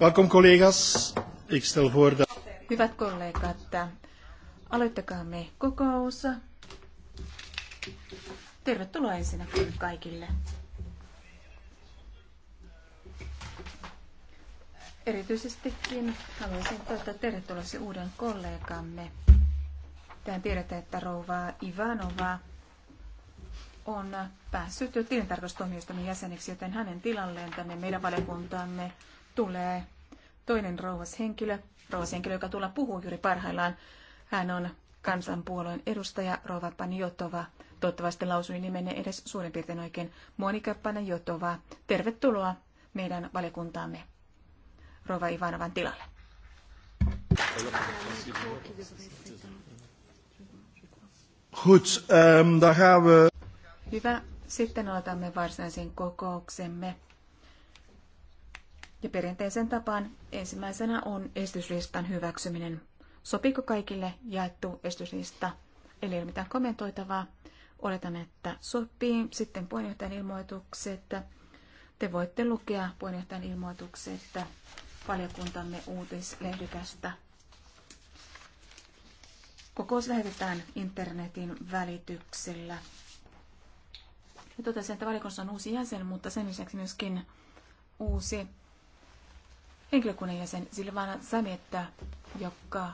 Welkom collega's. Ik stel voor dat... Hyvät kollegat, aloittakaamme kokous. Tervetuloa ensinnäkin kaikille. Erityisestikin haluaisin toivottaa tervetulleeksi uuden kollegamme. Tähän tiedetään, että rouva Ivanova on päässyt jo tilintarkastustoimijoistamme jäseneksi, joten hänen tilalleen tänne meidän valiokuntaamme tulee toinen rouvashenkilö, rouvashenkilö, joka tulla puhuu juuri parhaillaan. Hän on kansanpuolueen edustaja Rova Panjotova. Toivottavasti lausui nimenne edes suurin piirtein oikein. Monika Panjotova, tervetuloa meidän valiokuntaamme Rova Ivanovan tilalle. Goed, um, Hyvä. Sitten aloitamme varsinaisen kokouksemme. Ja perinteisen tapaan ensimmäisenä on estyslistan hyväksyminen. Sopiiko kaikille jaettu estyslista Eli ei ole mitään kommentoitavaa. Oletan, että sopii. Sitten puheenjohtajan ilmoitukset. Te voitte lukea puheenjohtajan ilmoitukset valiokuntamme uutislehdykästä. Kokous lähetetään internetin välityksellä. Ja totesin, että valiokunnassa on uusi jäsen, mutta sen lisäksi myöskin uusi henkilökunnan jäsen Silvana Zanetta, joka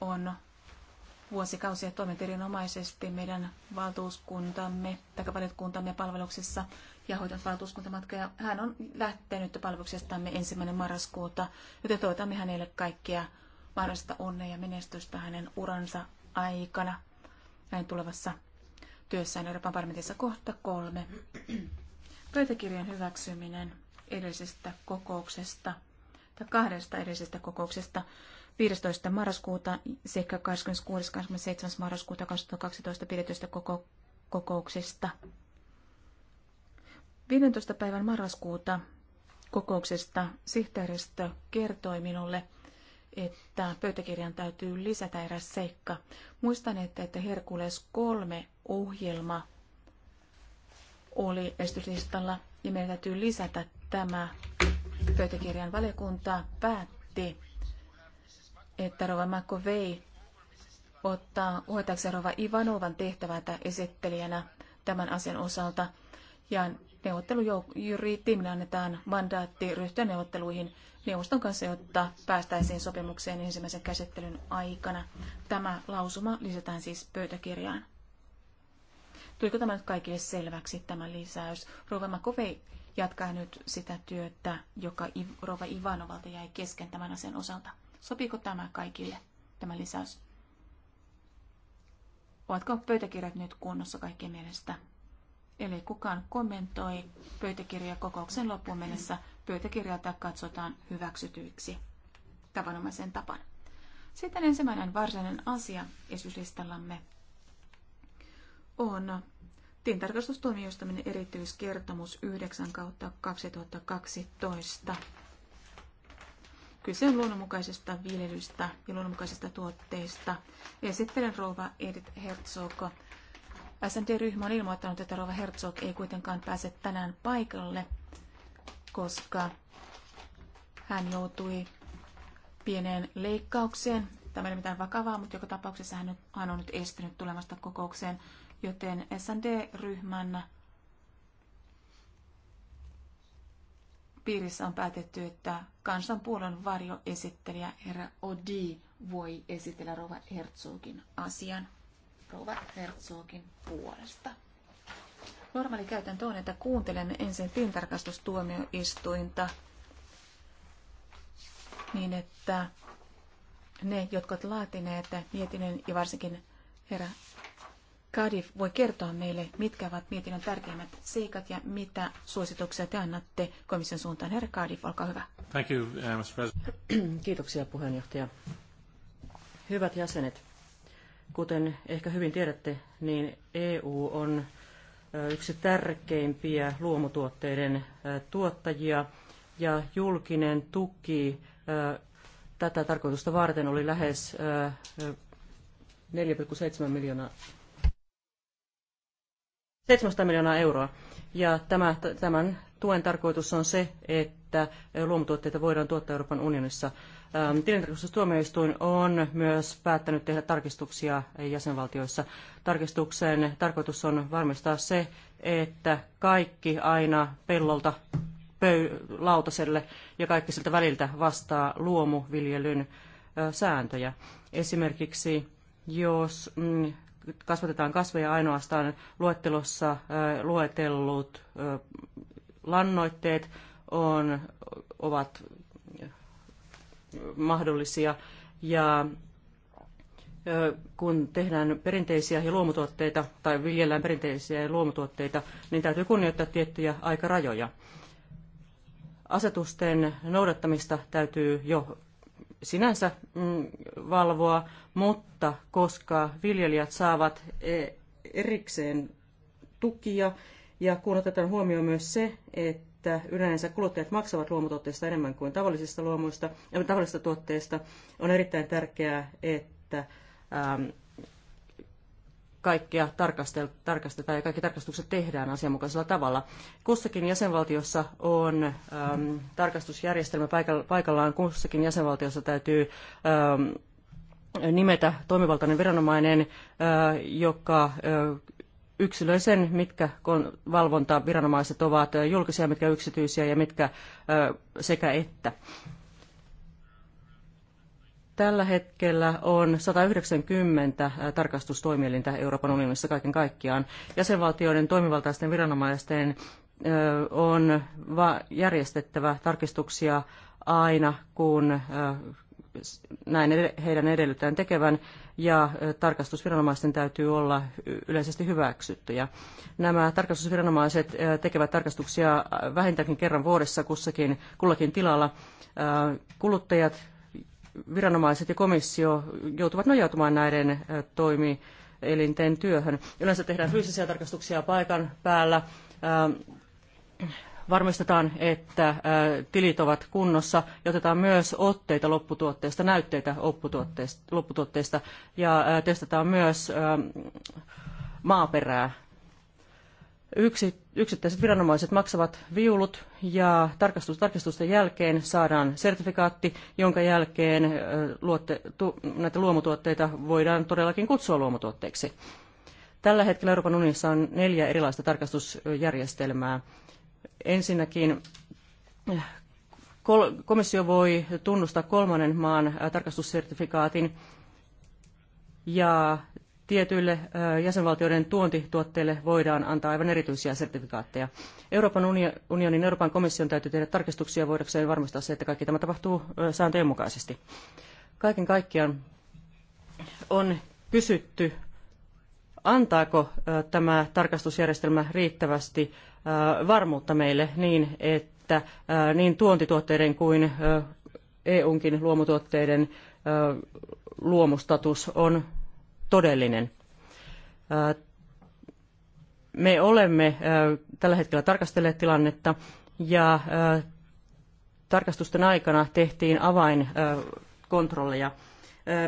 on vuosikausia toiminut erinomaisesti meidän valtuuskuntamme takavaliokuntamme palveluksessa ja hoitanut valtuuskuntamatkoja. Hän on lähtenyt palveluksestamme ensimmäinen marraskuuta, joten toivotamme hänelle kaikkia mahdollista onnea ja menestystä hänen uransa aikana hänen tulevassa työssään Euroopan parlamentissa kohta kolme. Pöytäkirjan hyväksyminen edellisestä kokouksesta tai kahdesta edellisestä kokouksesta 15. marraskuuta sekä 26. 27. marraskuuta 2012 pidetystä koko- kokouksesta. 15. päivän marraskuuta kokouksesta sihteeristö kertoi minulle, että pöytäkirjan täytyy lisätä eräs seikka. Muistan, että, että Herkules 3 ohjelma oli esityslistalla ja meidän täytyy lisätä tämä pöytäkirjan valiokunta päätti, että Rova Vei ottaa hoitaakseen Rova Ivanovan tehtävätä esittelijänä tämän asian osalta. Ja neuvottelujuriittiimille annetaan mandaatti ryhtyä neuvotteluihin neuvoston kanssa, jotta päästäisiin sopimukseen ensimmäisen käsittelyn aikana. Tämä lausuma lisätään siis pöytäkirjaan. Tuliko tämä nyt kaikille selväksi, tämä lisäys? Rova Vei jatkaa nyt sitä työtä, joka Rova Ivanovalta jäi kesken tämän asian osalta. Sopiiko tämä kaikille, tämä lisäys? Ovatko pöytäkirjat nyt kunnossa kaikkien mielestä? Eli kukaan kommentoi pöytäkirja kokouksen loppuun mennessä. Pöytäkirjalta katsotaan hyväksytyiksi tavanomaisen tapan. Sitten ensimmäinen varsinainen asia esityslistallamme on Tilintarkastustoimijoistaminen erityiskertomus 9 kautta 2012. Kyse on luonnonmukaisesta viljelystä ja luonnonmukaisista tuotteista. Esittelen rouva Edith Herzog. SND-ryhmä on ilmoittanut, että rouva Herzog ei kuitenkaan pääse tänään paikalle, koska hän joutui pieneen leikkaukseen. Tämä ei ole mitään vakavaa, mutta joka tapauksessa hän on nyt estynyt tulemasta kokoukseen joten SND-ryhmän piirissä on päätetty, että kansanpuolen varjoesittelijä herra Odi voi esitellä Rova Herzogin asian Rova Herzogin puolesta. Normaali käytäntö on, että kuuntelemme ensin tilintarkastustuomioistuinta niin, että ne, jotka ovat laatineet mietinnön ja varsinkin herra Cardiff voi kertoa meille, mitkä ovat mietinnön tärkeimmät seikat ja mitä suosituksia te annatte komission suuntaan. Herra Cardiff, olkaa hyvä. Thank you, uh, Mr. President. Kiitoksia puheenjohtaja. Hyvät jäsenet, kuten ehkä hyvin tiedätte, niin EU on uh, yksi tärkeimpiä luomutuotteiden uh, tuottajia ja julkinen tuki tätä tarkoitusta varten oli lähes 4,7 miljoonaa 700 miljoonaa euroa. Ja tämä, tämän tuen tarkoitus on se, että luomutuotteita voidaan tuottaa Euroopan unionissa. Ähm, tilintarkastustuomioistuin on myös päättänyt tehdä tarkistuksia jäsenvaltioissa. Tarkistuksen tarkoitus on varmistaa se, että kaikki aina pellolta pöy- lautaselle ja kaikki siltä väliltä vastaa luomuviljelyn äh, sääntöjä. Esimerkiksi jos mm, kasvatetaan kasveja ainoastaan luettelossa luetellut lannoitteet on, ovat mahdollisia. Ja kun tehdään perinteisiä ja luomutuotteita tai viljellään perinteisiä ja luomutuotteita, niin täytyy kunnioittaa tiettyjä aikarajoja. Asetusten noudattamista täytyy jo sinänsä mm, valvoa, mutta koska viljelijät saavat e, erikseen tukia ja kun otetaan huomioon myös se, että yleensä kuluttajat maksavat luomutuotteista enemmän kuin tavallisista, luomuista, äh, tavallisista tuotteista, on erittäin tärkeää, että ähm, kaikkea tarkastetaan ja kaikki tarkastukset tehdään asianmukaisella tavalla. Kussakin jäsenvaltiossa on äm, tarkastusjärjestelmä paikallaan, kussakin jäsenvaltiossa täytyy äm, nimetä toimivaltainen viranomainen, ää, äh, joka ää, äh, yksilöi sen, mitkä valvontaviranomaiset ovat äh, julkisia, mitkä yksityisiä ja mitkä sekä että. Tällä hetkellä on 190 tarkastustoimielintä Euroopan unionissa kaiken kaikkiaan. Jäsenvaltioiden toimivaltaisten viranomaisten on järjestettävä tarkistuksia aina, kun näin heidän edellytään tekevän, ja tarkastusviranomaisten täytyy olla yleisesti hyväksyttyjä. Nämä tarkastusviranomaiset tekevät tarkastuksia vähintäänkin kerran vuodessa kussakin, kullakin tilalla. Kuluttajat viranomaiset ja komissio joutuvat nojautumaan näiden toimielinten työhön. Yleensä tehdään fyysisiä tarkastuksia paikan päällä, varmistetaan, että tilit ovat kunnossa ja otetaan myös otteita lopputuotteista, näytteitä lopputuotteista ja testataan myös maaperää. Yksi yksittäiset viranomaiset maksavat viulut ja tarkastus, tarkastusten jälkeen saadaan sertifikaatti, jonka jälkeen luotte, tu, näitä luomutuotteita voidaan todellakin kutsua luomutuotteiksi. Tällä hetkellä Euroopan unionissa on neljä erilaista tarkastusjärjestelmää. Ensinnäkin eh, komissio voi tunnustaa kolmannen maan tarkastussertifikaatin ja tietyille jäsenvaltioiden tuontituotteille voidaan antaa aivan erityisiä sertifikaatteja. Euroopan unionin Euroopan komission täytyy tehdä tarkistuksia voidakseen varmistaa se, että kaikki tämä tapahtuu sääntöjen mukaisesti. Kaiken kaikkiaan on kysytty, antaako tämä tarkastusjärjestelmä riittävästi varmuutta meille niin, että niin tuontituotteiden kuin EUnkin luomutuotteiden luomustatus on todellinen. Me olemme tällä hetkellä tarkastelleet tilannetta ja tarkastusten aikana tehtiin avainkontrolleja.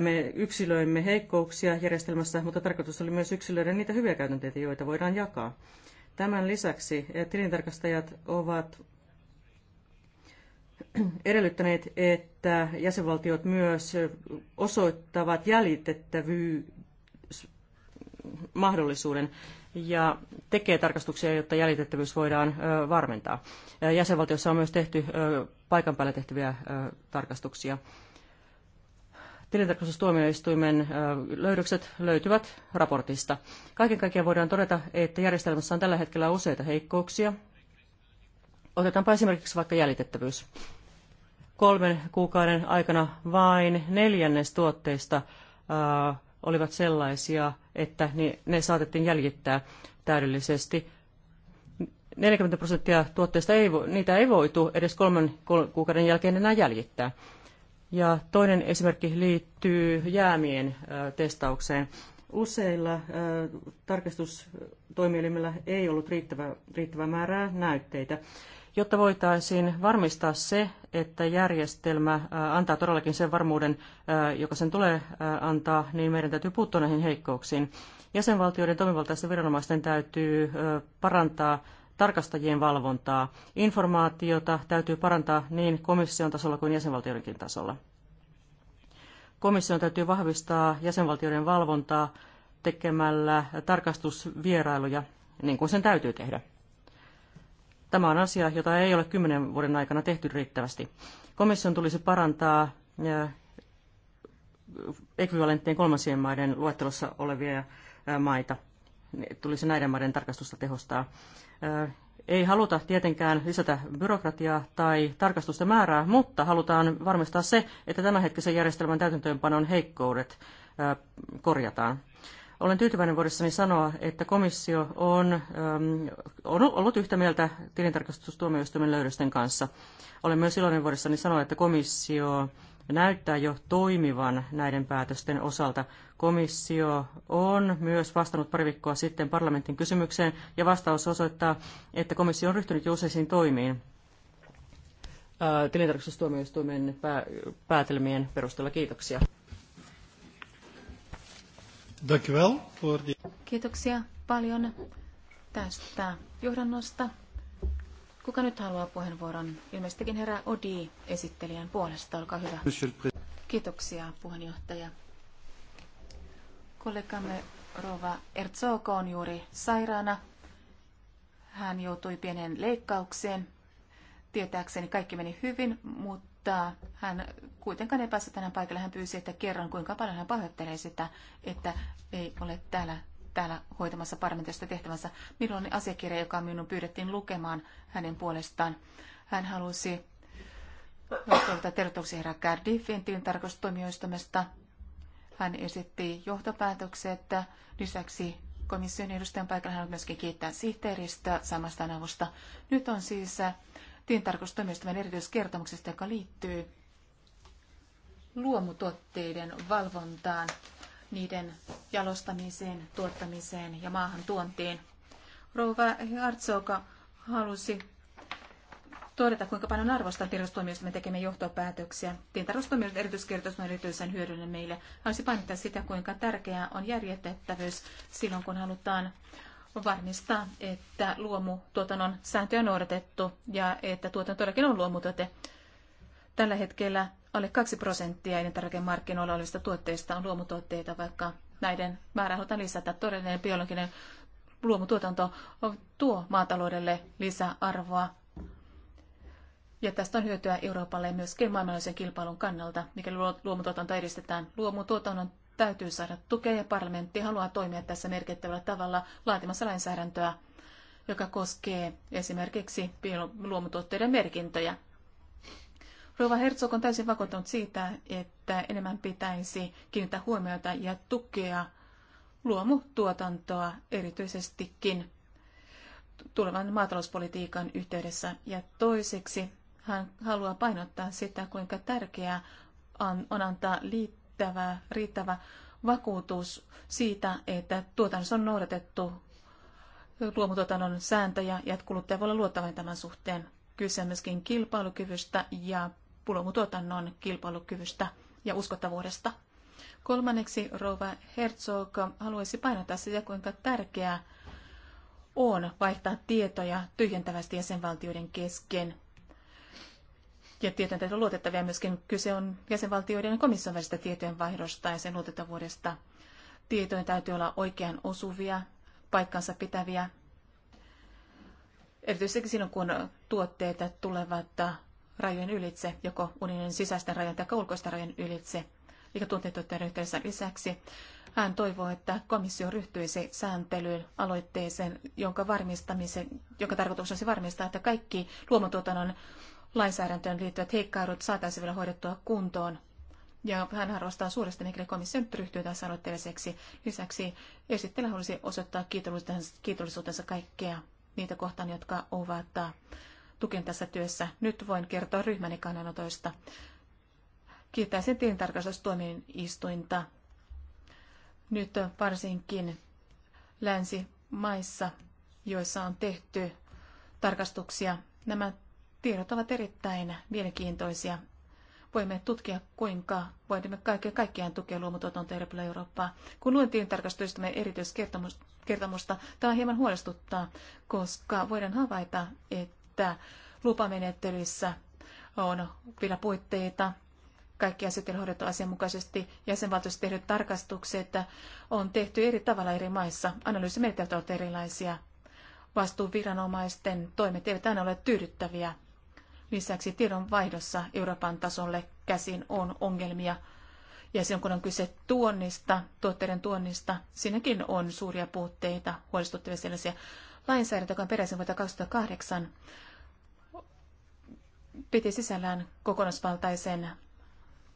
Me yksilöimme heikkouksia järjestelmässä, mutta tarkoitus oli myös yksilöiden niitä hyviä käytänteitä, joita voidaan jakaa. Tämän lisäksi tilintarkastajat ovat edellyttäneet, että jäsenvaltiot myös osoittavat jäljitettävyyttä mahdollisuuden ja tekee tarkastuksia, jotta jäljitettävyys voidaan varmentaa. Jäsenvaltiossa on myös tehty paikan päällä tehtäviä tarkastuksia. Tilintarkastustuomioistuimen löydökset löytyvät raportista. Kaiken kaikkiaan voidaan todeta, että järjestelmässä on tällä hetkellä useita heikkouksia. Otetaanpa esimerkiksi vaikka jäljitettävyys. Kolmen kuukauden aikana vain neljännes tuotteista olivat sellaisia, että ne saatettiin jäljittää täydellisesti. 40 prosenttia tuotteista ei, niitä ei voitu edes kolmen kuukauden jälkeen enää jäljittää. Ja toinen esimerkki liittyy jäämien testaukseen. Useilla tarkastustoimielimillä ei ollut riittävää, riittävää määrää näytteitä jotta voitaisiin varmistaa se, että järjestelmä antaa todellakin sen varmuuden, joka sen tulee antaa, niin meidän täytyy puuttua näihin heikkouksiin. Jäsenvaltioiden toimivaltaisten viranomaisten täytyy parantaa tarkastajien valvontaa. Informaatiota täytyy parantaa niin komission tasolla kuin jäsenvaltioidenkin tasolla. Komission täytyy vahvistaa jäsenvaltioiden valvontaa tekemällä tarkastusvierailuja, niin kuin sen täytyy tehdä. Tämä on asia, jota ei ole kymmenen vuoden aikana tehty riittävästi. Komission tulisi parantaa ekvivalenttien kolmansien maiden luettelossa olevia maita. Tulisi näiden maiden tarkastusta tehostaa. Ei haluta tietenkään lisätä byrokratiaa tai tarkastusten määrää, mutta halutaan varmistaa se, että tämänhetkisen järjestelmän täytäntöönpanon heikkoudet korjataan. Olen tyytyväinen voidessani sanoa, että komissio on, ähm, on ollut yhtä mieltä tilintarkastustuomioistuimen löydösten kanssa. Olen myös iloinen voidessani sanoa, että komissio näyttää jo toimivan näiden päätösten osalta. Komissio on myös vastannut pari viikkoa sitten parlamentin kysymykseen, ja vastaus osoittaa, että komissio on ryhtynyt jo useisiin toimiin äh, tilintarkastustuomioistuimen päätelmien perusteella. Kiitoksia. Kiitoksia paljon tästä johdannosta. Kuka nyt haluaa puheenvuoron? Ilmeisestikin herra Odi esittelijän puolesta. Olkaa hyvä. Kiitoksia puheenjohtaja. Kollegamme Rova Erzog on juuri sairaana. Hän joutui pienen leikkaukseen. Tietääkseni kaikki meni hyvin, mutta mutta hän kuitenkaan ei päässyt tänään paikalle. Hän pyysi, että kerran kuinka paljon hän pahoittelee sitä, että ei ole täällä, täällä hoitamassa parlamentista tehtävänsä. Minulla on asiakirja, joka minun pyydettiin lukemaan hänen puolestaan. Hän halusi toivottaa tervetuloksi herra Cardiffin tilintarkastustoimijoistumesta. Hän esitti johtopäätökset. Lisäksi komission edustajan paikalla hän on myöskin kiittää sihteeristä samasta avusta. Nyt on siis tilintarkastustoimistomen erityiskertomuksesta, joka liittyy luomutuotteiden valvontaan, niiden jalostamiseen, tuottamiseen ja maahan tuontiin. Rouva Hartsoka halusi todeta, kuinka paljon arvostan tilintarkastustoimistomme tekemme johtopäätöksiä. Tilintarkastustoimiston erityiskertomus on erityisen hyödyllinen meille. Haluaisin painottaa sitä, kuinka tärkeää on järjetettävyys silloin, kun halutaan varmistaa, että luomutuotannon sääntöjä on noudatettu ja että tuotanto todellakin on luomutuote. Tällä hetkellä alle 2 prosenttia elintarvikemarkkinoilla olevista tuotteista on luomutuotteita, vaikka näiden määrää halutaan lisätä. Todellinen biologinen luomutuotanto tuo maataloudelle lisäarvoa. Ja tästä on hyötyä Euroopalle myöskin maailmanlaisen kilpailun kannalta, mikäli luomutuotanto edistetään. Luomutuotannon täytyy saada tukea ja parlamentti haluaa toimia tässä merkittävällä tavalla laatimassa lainsäädäntöä, joka koskee esimerkiksi luomutuotteiden merkintöjä. Rova Herzog on täysin vakuuttunut siitä, että enemmän pitäisi kiinnittää huomiota ja tukea luomutuotantoa erityisestikin tulevan maatalouspolitiikan yhteydessä. Ja toiseksi hän haluaa painottaa sitä, kuinka tärkeää on antaa liittyä riittävä, riittävä vakuutus siitä, että tuotannossa on noudatettu luomutuotannon sääntöjä ja että kuluttaja voi olla luottavainen tämän suhteen. Kyse on myöskin kilpailukyvystä ja luomutuotannon kilpailukyvystä ja uskottavuudesta. Kolmanneksi Rova Herzog haluaisi painottaa sitä, kuinka tärkeää on vaihtaa tietoja tyhjentävästi jäsenvaltioiden kesken ja tietojen täytyy olla luotettavia myöskin. Kyse on jäsenvaltioiden ja komission välistä tietojen vaihdosta ja sen luotettavuudesta. Tietojen täytyy olla oikean osuvia, paikkansa pitäviä. Erityisesti silloin, kun tuotteet tulevat rajojen ylitse, joko unionin sisäisten rajojen tai ulkoisten rajojen ylitse, eikä tuotteiden yhteydessä lisäksi. Hän toivoo, että komissio ryhtyisi sääntelyyn aloitteeseen, jonka, varmistamisen, jonka tarkoituksena olisi varmistaa, että kaikki luomutuotannon lainsäädäntöön liittyvät heikkaudet saataisiin vielä hoidettua kuntoon. Ja hän arvostaa suuresti, mikäli komissio nyt ryhtyy tässä aloitteelliseksi. Lisäksi esittelijä haluaisi osoittaa kiitollisuutensa kaikkea niitä kohtaan, jotka ovat äh, tuken tässä työssä. Nyt voin kertoa ryhmäni kannanotoista. Kiittäisin tilintarkastustuomioistuinta. Nyt varsinkin länsimaissa, joissa on tehty tarkastuksia, nämä Tiedot ovat erittäin mielenkiintoisia. Voimme tutkia, kuinka voimme kaiken kaikkiaan tukea luomutuotantoa eri puolilla Eurooppaa. Kun luin tilintarkastustamme erityiskertomusta, tämä hieman huolestuttaa, koska voidaan havaita, että lupamenettelyissä on vielä puitteita, kaikki asiat on hoidettu asianmukaisesti, jäsenvaltioissa tehdyt tarkastukset on tehty eri tavalla eri maissa, analyysimenetelmät ovat erilaisia, vastuuviranomaisten toimet eivät aina ole tyydyttäviä Lisäksi tiedonvaihdossa Euroopan tasolle käsin on ongelmia. Ja silloin kun on kyse tuonnista, tuotteiden tuonnista, siinäkin on suuria puutteita, huolestuttavia sellaisia. Lainsäädäntö, joka on peräisin vuotta 2008, piti sisällään kokonaisvaltaisen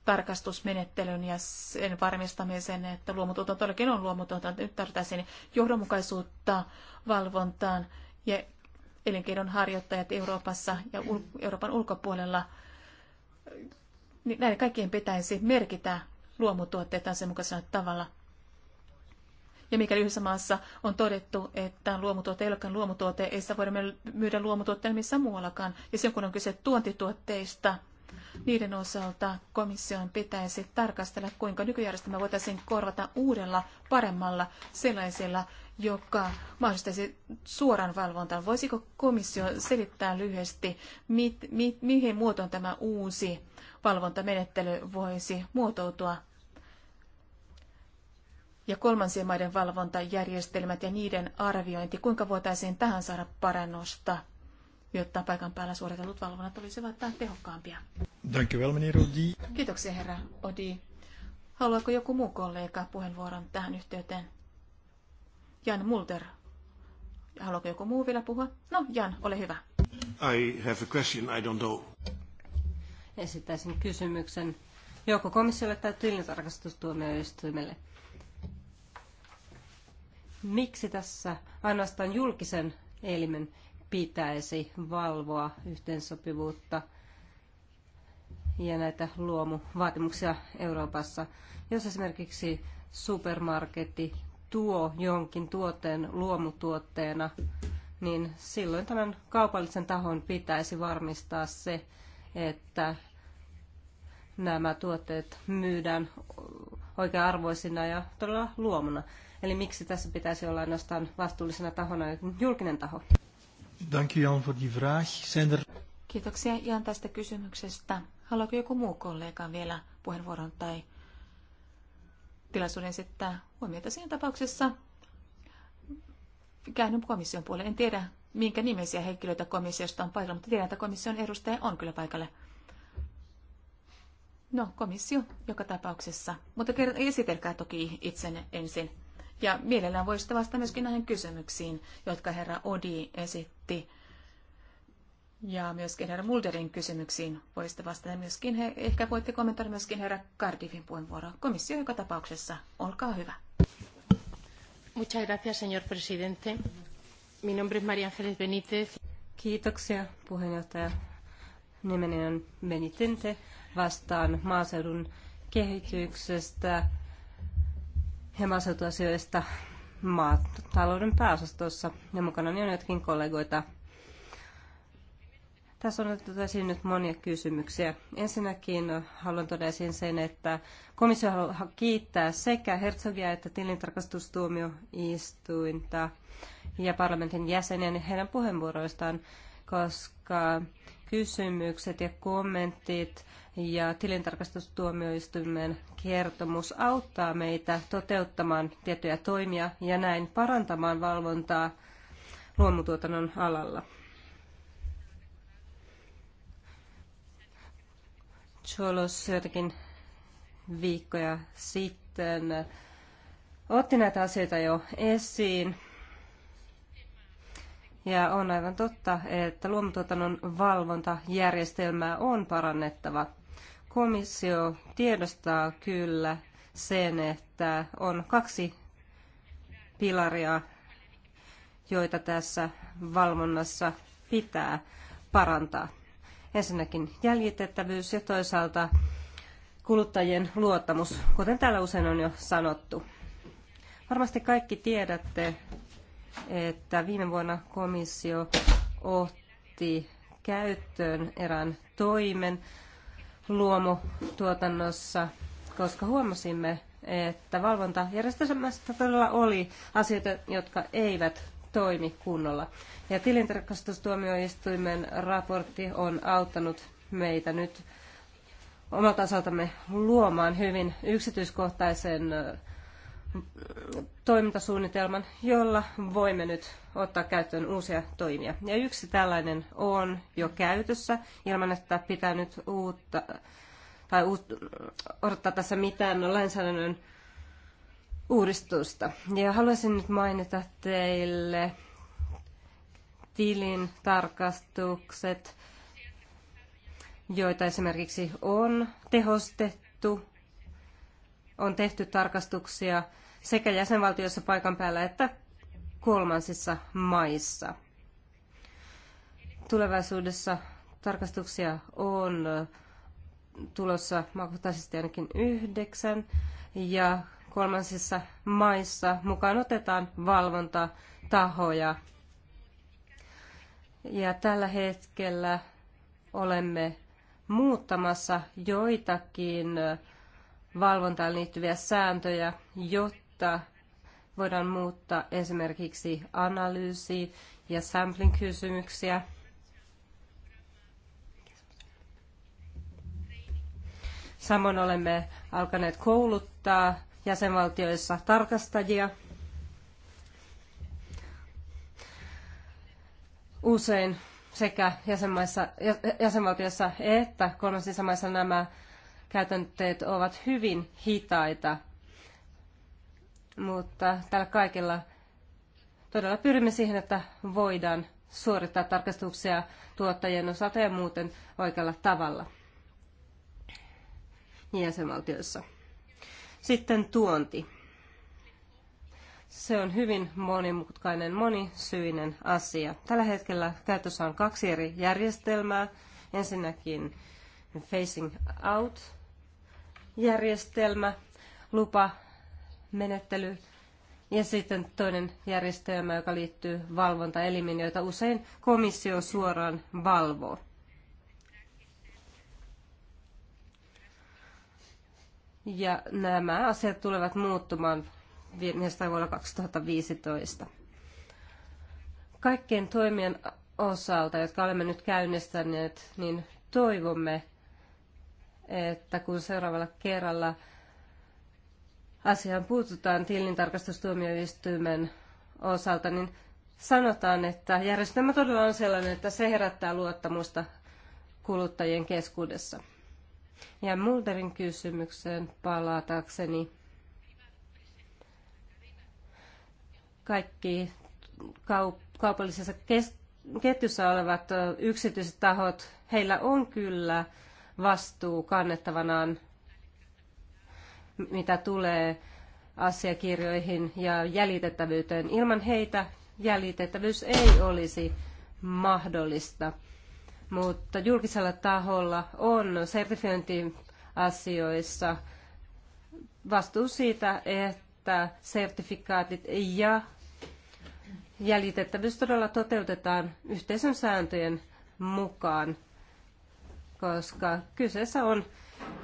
tarkastusmenettelyn ja sen varmistamisen, että luomutuotanto todellakin on luomutuotanto. Nyt tarvitaan johdonmukaisuutta valvontaan ja elinkeinon harjoittajat Euroopassa ja Euroopan ulkopuolella, niin näiden kaikkien pitäisi merkitä luomutuotteet asianmukaisella tavalla. Ja mikäli yhdessä maassa on todettu, että luomutuote ei olekaan luomutuote, ei sitä voida myydä luomutuotteena missään muuallakaan. Ja silloin kun on kyse tuontituotteista, niiden osalta komission pitäisi tarkastella, kuinka nykyjärjestelmä voitaisiin korvata uudella, paremmalla, sellaisella, joka mahdollistaisi suoran valvontaan. Voisiko komissio selittää lyhyesti, mit, mit, mihin muotoon tämä uusi valvontamenettely voisi muotoutua? Ja kolmansien maiden valvontajärjestelmät ja niiden arviointi, kuinka voitaisiin tähän saada parannusta? jotta paikan päällä suoritellut valvonnat olisivat tehokkaampia. Thank you, Odi. Kiitoksia, herra Odi. Haluaako joku muu kollega puheenvuoron tähän yhteyteen? Jan Mulder. Haluaako joku muu vielä puhua? No, Jan, ole hyvä. I have a question, I don't know. Esittäisin kysymyksen joko komissiolle tai tilintarkastustuomioistuimelle. Miksi tässä ainoastaan julkisen elimen pitäisi valvoa yhteensopivuutta ja näitä luomuvaatimuksia Euroopassa. Jos esimerkiksi supermarketti tuo jonkin tuotteen luomutuotteena, niin silloin tämän kaupallisen tahon pitäisi varmistaa se, että nämä tuotteet myydään oikea-arvoisina ja todella luomuna. Eli miksi tässä pitäisi olla ainoastaan vastuullisena tahona julkinen taho? Dank Jan voor die vraag. Zijn er... Kiitoksia Jan tästä kysymyksestä. Haluaako joku muu kollega vielä puheenvuoron tai tilaisuuden esittää huomiota siinä tapauksessa? Käännyn komission puolelle. En tiedä, minkä nimisiä henkilöitä komissiosta on paikalla, mutta tiedän, että komission edustaja on kyllä paikalla. No, komissio joka tapauksessa. Mutta esitelkää toki itsenne ensin. Ja mielellään voisitte vastata myöskin näihin kysymyksiin, jotka herra Odi esitti. Ja myöskin herra Mulderin kysymyksiin voisitte vastata myöskin. He, ehkä voitte kommentoida myöskin herra Cardiffin puheenvuoroa. Komissio joka tapauksessa. Olkaa hyvä. Muchas gracias, señor presidente. Mi nombre es María Ángeles Benítez. Kiitoksia, puheenjohtaja. Nimeni on Benitente. Vastaan maaseudun kehityksestä, ja maaseutuasioista maatalouden pääosastossa ja mukana on jotkin kollegoita. Tässä on otettu esiin nyt monia kysymyksiä. Ensinnäkin haluan todeta esiin sen, että komissio haluaa kiittää sekä Herzogia että tilintarkastustuomioistuinta ja parlamentin jäseniä heidän puheenvuoroistaan, koska kysymykset ja kommentit ja tilintarkastustuomioistuimen kertomus auttaa meitä toteuttamaan tiettyjä toimia ja näin parantamaan valvontaa luomutuotannon alalla. Cholos joitakin viikkoja sitten otti näitä asioita jo esiin ja on aivan totta, että luomutuotannon valvontajärjestelmää on parannettava. Komissio tiedostaa kyllä sen, että on kaksi pilaria, joita tässä valvonnassa pitää parantaa. Ensinnäkin jäljitettävyys ja toisaalta kuluttajien luottamus, kuten täällä usein on jo sanottu. Varmasti kaikki tiedätte, että viime vuonna komissio otti käyttöön erään toimen luomutuotannossa, koska huomasimme, että valvontajärjestelmässä todella oli asioita, jotka eivät toimi kunnolla. Ja tilintarkastustuomioistuimen raportti on auttanut meitä nyt omalta osaltamme luomaan hyvin yksityiskohtaisen toimintasuunnitelman, jolla voimme nyt ottaa käyttöön uusia toimia. Ja yksi tällainen on jo käytössä, ilman että pitää nyt uutta, tai uut, odottaa tässä mitään no, lainsäädännön uudistusta. Ja haluaisin nyt mainita teille tilin tarkastukset, joita esimerkiksi on tehostettu on tehty tarkastuksia sekä jäsenvaltioissa paikan päällä että kolmansissa maissa. Tulevaisuudessa tarkastuksia on tulossa maakohtaisesti ainakin yhdeksän ja kolmansissa maissa mukaan otetaan valvontatahoja. Ja tällä hetkellä olemme muuttamassa joitakin valvontaan liittyviä sääntöjä, jotta voidaan muuttaa esimerkiksi analyysi- ja sampling-kysymyksiä. Samoin olemme alkaneet kouluttaa jäsenvaltioissa tarkastajia. Usein sekä jäsenmaissa, jäsenvaltioissa että kolmansissa maissa nämä käytänteet ovat hyvin hitaita, mutta tällä kaikella todella pyrimme siihen, että voidaan suorittaa tarkastuksia tuottajien osalta ja muuten oikealla tavalla jäsenvaltioissa. Sitten tuonti. Se on hyvin monimutkainen, monisyinen asia. Tällä hetkellä käytössä on kaksi eri järjestelmää. Ensinnäkin facing out järjestelmä, lupa, menettely ja sitten toinen järjestelmä, joka liittyy valvontaelimiin, joita usein komissio suoraan valvoo. Ja nämä asiat tulevat muuttumaan viimeistään vuonna 2015. Kaikkien toimien osalta, jotka olemme nyt käynnistäneet, niin toivomme, että kun seuraavalla kerralla asiaan puututaan tilintarkastustuomioistuimen osalta, niin sanotaan, että järjestelmä todella on sellainen, että se herättää luottamusta kuluttajien keskuudessa. Ja Mulderin kysymykseen palatakseni. Kaikki kaup- kaupallisessa kes- ketjussa olevat yksityiset tahot, heillä on kyllä vastuu kannettavanaan, mitä tulee asiakirjoihin ja jäljitettävyyteen. Ilman heitä jäljitettävyys ei olisi mahdollista. Mutta julkisella taholla on sertifiointiasioissa vastuu siitä, että sertifikaatit ja jäljitettävyys todella toteutetaan yhteisön sääntöjen mukaan koska kyseessä on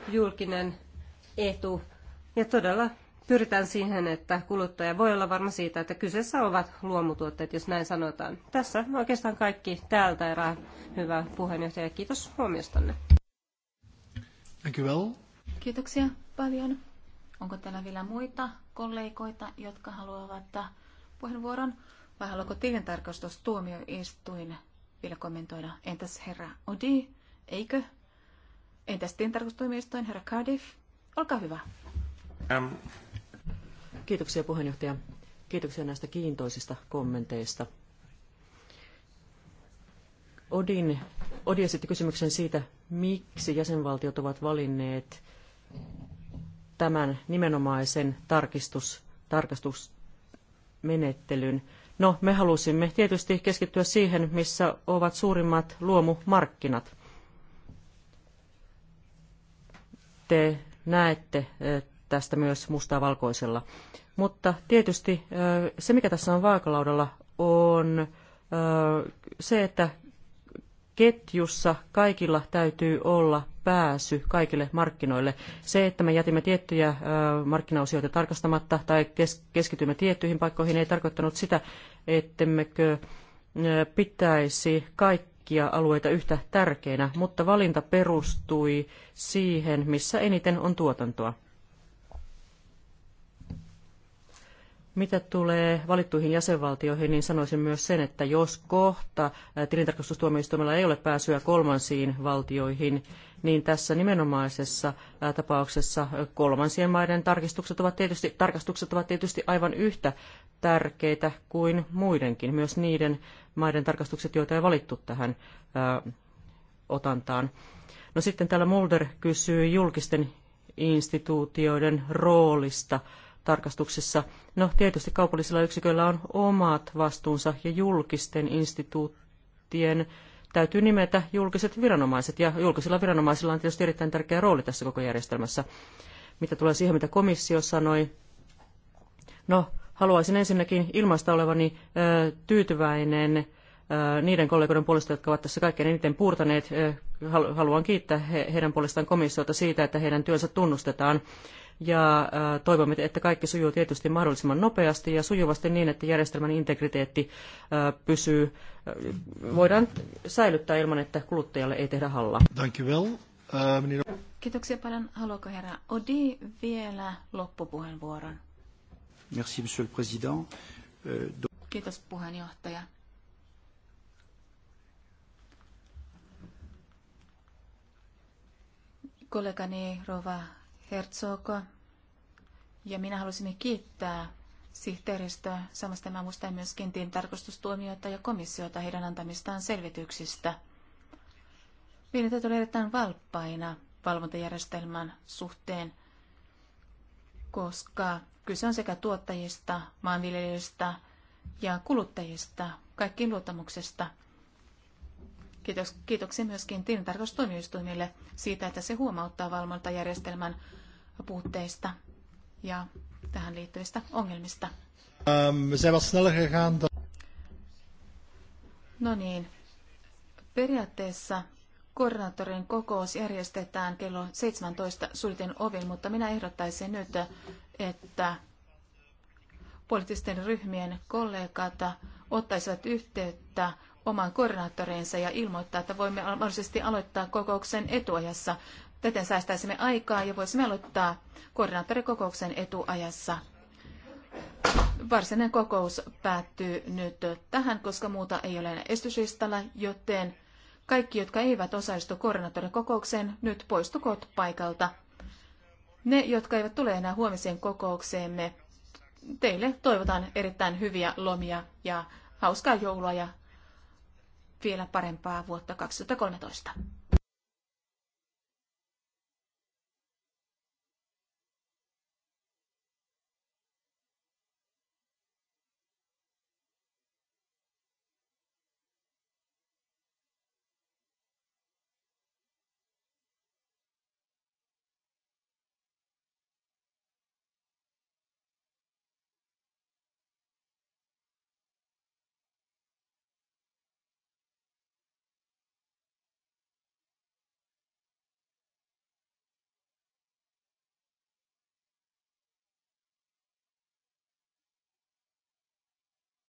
julkinen etu ja todella pyritään siihen, että kuluttaja voi olla varma siitä, että kyseessä ovat luomutuotteet, jos näin sanotaan. Tässä oikeastaan kaikki täältä erää. Hyvä puheenjohtaja, kiitos huomiostanne. Thank you well. Kiitoksia paljon. Onko täällä vielä muita kollegoita, jotka haluavat puheenvuoron? Vai haluatko tilintarkastustuomioistuin vielä kommentoida? Entäs herra Odi? Eikö? Entäs tilintarkastustoimistoin, herra Cardiff? Olkaa hyvä. Um. Kiitoksia puheenjohtaja. Kiitoksia näistä kiintoisista kommenteista. Odin, Odin esitti kysymyksen siitä, miksi jäsenvaltiot ovat valinneet tämän nimenomaisen tarkistus, tarkastusmenettelyn. No, me halusimme tietysti keskittyä siihen, missä ovat suurimmat luomumarkkinat. te näette tästä myös mustaa valkoisella. Mutta tietysti se, mikä tässä on vaakalaudalla, on se, että ketjussa kaikilla täytyy olla pääsy kaikille markkinoille. Se, että me jätimme tiettyjä markkinaosioita tarkastamatta tai keskitymme tiettyihin paikkoihin, ei tarkoittanut sitä, ettemmekö pitäisi kaikki kaikkia alueita yhtä tärkeinä, mutta valinta perustui siihen, missä eniten on tuotantoa. Mitä tulee valittuihin jäsenvaltioihin, niin sanoisin myös sen, että jos kohta tilintarkastustuomioistuimella ei ole pääsyä kolmansiin valtioihin, niin tässä nimenomaisessa tapauksessa kolmansien maiden tarkistukset ovat tietysti, tarkastukset ovat tietysti aivan yhtä tärkeitä kuin muidenkin, myös niiden maiden tarkastukset, joita ei valittu tähän otantaan. No sitten täällä Mulder kysyy julkisten instituutioiden roolista Tarkastuksissa No, tietysti kaupallisilla yksiköillä on omat vastuunsa ja julkisten instituuttien täytyy nimetä julkiset viranomaiset. Ja julkisilla viranomaisilla on tietysti erittäin tärkeä rooli tässä koko järjestelmässä. Mitä tulee siihen, mitä komissio sanoi? No, haluaisin ensinnäkin ilmaista olevani ö, tyytyväinen niiden kollegoiden puolesta, jotka ovat tässä kaikkein eniten puurtaneet. Haluan kiittää heidän puolestaan komissiota siitä, että heidän työnsä tunnustetaan ja toivomme, että kaikki sujuu tietysti mahdollisimman nopeasti ja sujuvasti niin, että järjestelmän integriteetti pysyy, voidaan säilyttää ilman, että kuluttajalle ei tehdä hallaa. Kiitoksia paljon. Haluaako herra Odi vielä loppupuheenvuoron? Merci, monsieur le président. Euh, Kiitos puheenjohtaja. kollegani Rova Herzog ja minä halusin kiittää sihteeristöä, samasta mä muistan myöskin tarkastustuomioita ja komissiota heidän antamistaan selvityksistä. Meidän täytyy olla erittäin valppaina valvontajärjestelmän suhteen, koska kyse on sekä tuottajista, maanviljelijöistä ja kuluttajista, kaikkiin luottamuksesta – Kiitos, kiitoksia myöskin tilintarkastustuomioistuimille siitä, että se huomauttaa valvontajärjestelmän puutteista ja tähän liittyvistä ongelmista. Um, No niin. Periaatteessa koordinaattorin kokous järjestetään kello 17 suljetun ovin, mutta minä ehdottaisin nyt, että poliittisten ryhmien kollegat ottaisivat yhteyttä oman koordinaattoreensa ja ilmoittaa, että voimme mahdollisesti aloittaa kokouksen etuajassa. Täten säästäisimme aikaa ja voisimme aloittaa koordinaattorikokouksen etuajassa. Varsinainen kokous päättyy nyt tähän, koska muuta ei ole enää estyslistalla, joten kaikki, jotka eivät osallistu koordinaattorin kokoukseen, nyt poistukot paikalta. Ne, jotka eivät tule enää huomiseen kokoukseemme, teille toivotan erittäin hyviä lomia ja hauskaa joulua ja vielä parempaa vuotta 2013.